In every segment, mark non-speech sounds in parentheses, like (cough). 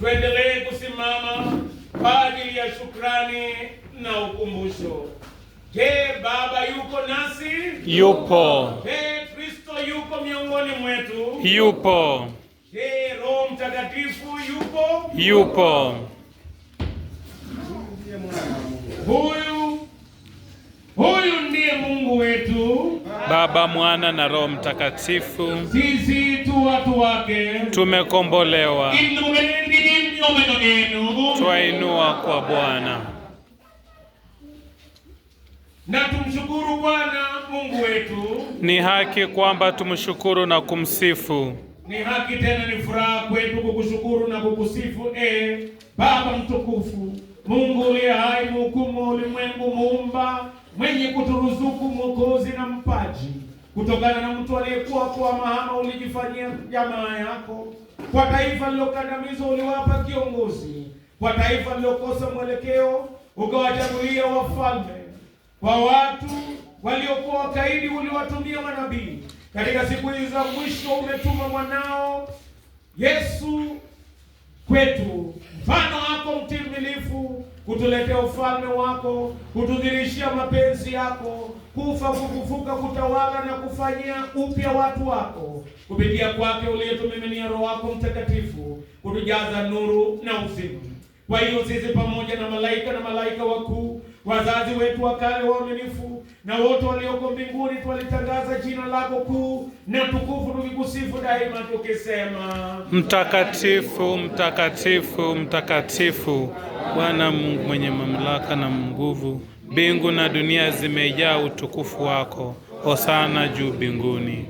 tuendelee kusimama kwa ajili ya shukrani na ukumbusho. Je, Baba yuko nasi? Yupo. Je, Kristo yuko miongoni mwetu? Yupo. Je, Roho Mtakatifu yupo? Yupo. Huyu huyu ndiye Mungu wetu Baba, Mwana na Roho Mtakatifu. Sisi tu watu wake tumekombolewa. Twainua kwa Bwana na tumshukuru Bwana Mungu wetu. Ni haki kwamba tumshukuru na kumsifu, ni haki tena ni furaha kwetu kukushukuru na kukusifu, e Baba mtukufu, Mungu uliye hai, muhukumu ulimwengu, muumba mwenye kuturuzuku, mwokozi na mpaji, kutokana na mtu aliyekuwa kwa mahama ulijifanyia jamaa yako kwa taifa lilokandamizwa uliwapa kiongozi, kwa taifa lilokosa mwelekeo ukawachagulia wafalme, kwa watu waliokuwa wakaidi uliwatumia manabii. Katika siku hizi za mwisho umetuma mwanao Yesu kwetu, mfano wako mtimilifu, kutuletea ufalme wako, kutudhirishia mapenzi yako kufa, kufufuka, kutawala na kufanyia upya watu wako. Kupitia kwake uliyetumiminia Roho wako Mtakatifu kutujaza nuru na uzima. Kwa hiyo sisi pamoja na malaika na malaika wakuu, wazazi wetu wa kale waaminifu, na wote walioko mbinguni twalitangaza jina lako kuu na tukufu, tukikusifu daima tukisema, mtakatifu mtakatifu mtakatifu, Bwana Mungu mwenye mamlaka na nguvu Mbingu na dunia zimejaa utukufu wako. Hosana juu mbinguni.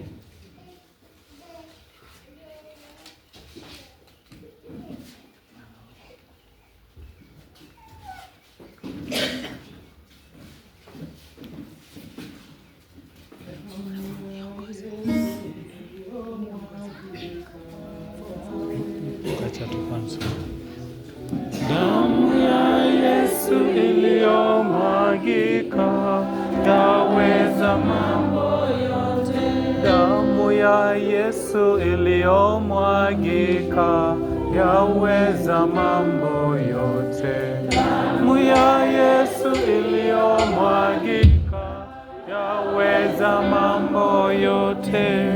Damu ya Yesu iliyomwagika yaweza mambo yote. Damu ya Yesu iliyomwagika yaweza mambo yote.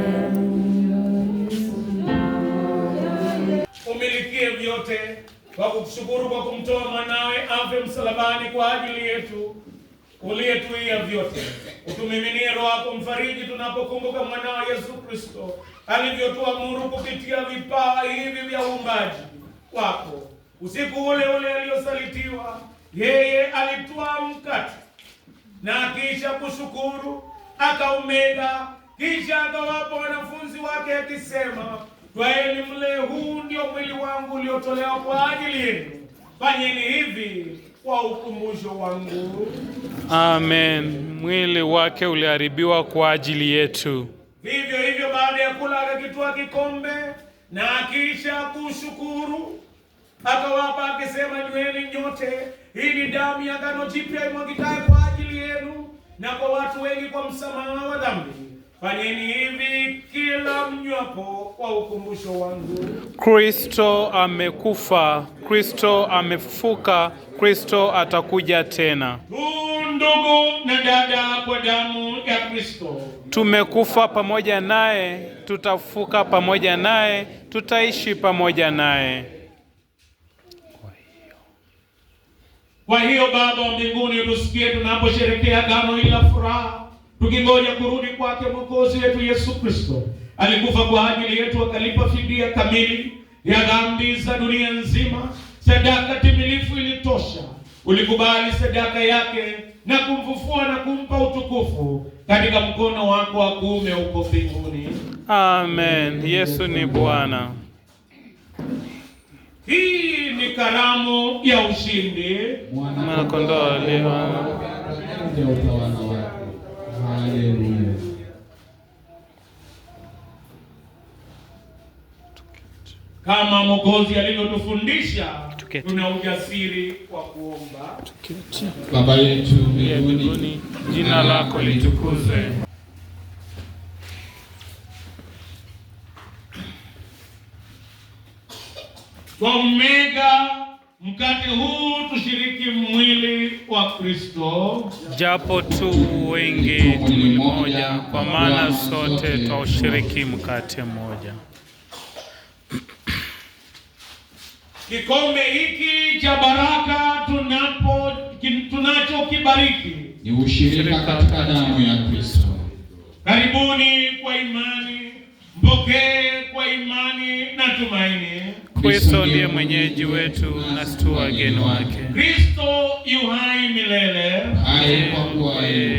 Umilikie vyote kwa kukushukuru kwa kumtoa mwanawe afe msalabani kwa ajili yetu uliyetuia vyote, utumiminie Roho yako Mfariji tunapokumbuka mwanao Yesu Kristo alivyotuamuru kupitia vipawa hivi vya uumbaji wako. Usiku ule ule aliyosalitiwa yeye, alitwaa mkate na kisha kushukuru akaumega, kisha akawapa wanafunzi wake akisema, twaeni mle, huu ndio mwili wangu uliotolewa kwa ajili yenu, fanyeni hivi kwa ukumbusho wangu. Amen. Mwili wake uliharibiwa kwa ajili yetu. Vivyo hivyo, baada ya kula akakitoa kikombe na akiisha kushukuru akawapa akisema, nyweni nyote, hii ni damu ya agano jipya imwagikayo kwa ajili yenu na kwa watu wengi kwa msamaha wa dhambi. Fanyeni hivi kila mnywapo wa ukumbusho wangu. Kristo amekufa, Kristo amefufuka, Kristo atakuja tena. Tu ndugu na dada, kwa damu ya Kristo tumekufa pamoja naye, tutafuka pamoja naye, tutaishi pamoja naye. Kwa hiyo Baba wa mbinguni, tusikie tunaposherekea agano hili la furaha tukingoja kurudi kwake Mwokozi wetu Yesu Kristo. Alikufa kwa ajili yetu, akalipa fidia kamili ya dhambi za dunia nzima. Sadaka timilifu ilitosha. Ulikubali sadaka yake na kumfufua na kumpa utukufu katika mkono wako wa kuume huko mbinguni. Amen. Yesu ni Bwana. Hii ni karamu ya ushindi, mwanakondoo aliyewa Haleluya. Kama Mwokozi alivyotufundisha, tuna ujasiri wa kuomba. Baba yetu mbinguni, jina lako litukuzwe. Omega Mkate huu tushiriki mwili wa Kristo, japo tu wengi mwili mmoja, kwa maana sote twaushiriki mkate mmoja. (clears throat) Kikombe hiki cha baraka tunapo tunachokibariki ni ushirika katika damu ya Kristo. Karibuni kwa imani, mpokee imani na tumaini. Kristo ndiye mwenyeji wetu na si tu wageni wake. Kristo yu hai milele, yeye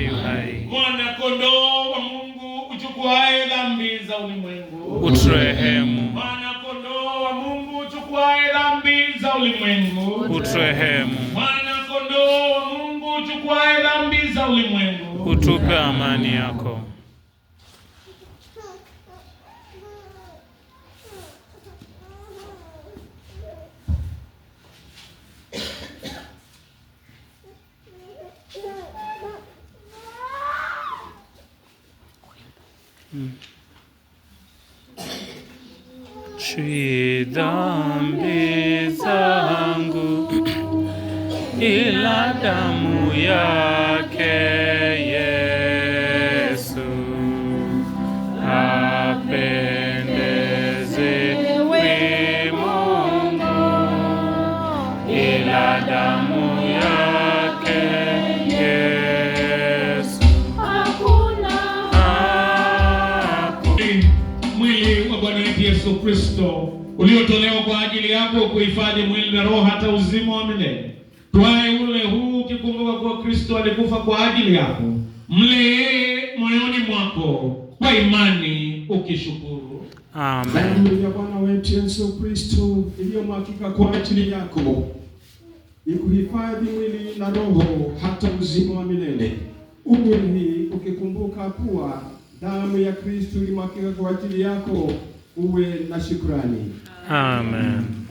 yu hai. Mwana kondoo wa Mungu uchukuaye dhambi za ulimwengu, uturehemu. Mwana kondoo wa Mungu uchukuaye dhambi za ulimwengu, uturehemu. Mwana kondoo wa Mungu uchukuaye dhambi za ulimwengu, utupe amani yako. Chui dhambi zangu ila damu ya. Kristo uliotolewa kwa ajili yako kuhifadhi mwili na roho hata uzima wa milele. Twae ule huu ukikumbuka kuwa Kristo alikufa kwa ajili yako, mle yeye moyoni mwako kwa imani ukishukuru. Amen. Damu ya Bwana wetu Yesu Kristo iliyomwagika kwa ajili yako ikuhifadhi mwili na roho hata uzima wa milele. Umri ukikumbuka kuwa damu ya Kristo ilimwagika kwa ajili yako uwe na shukrani. Amen.